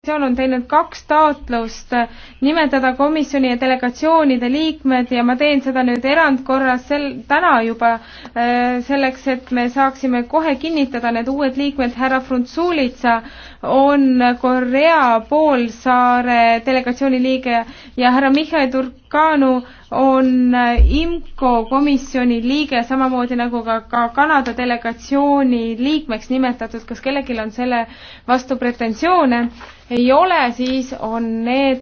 organisatsioon on teinud kaks taotlust nimetada komisjoni ja delegatsioonide liikmed ja ma teen seda nüüd erandkorras sel, täna juba äh, selleks, et me saaksime kohe kinnitada need uued liikmed. härra Frunzulitsa on Korea poolsaare delegatsiooni liige ja härra Mihhail Turkanu on IMCO komisjoni liige, samamoodi nagu ka, ka Kanada delegatsiooni liikmeks nimetatud. kas kellelgi on selle vastu pretensioone? ei ole, siis on need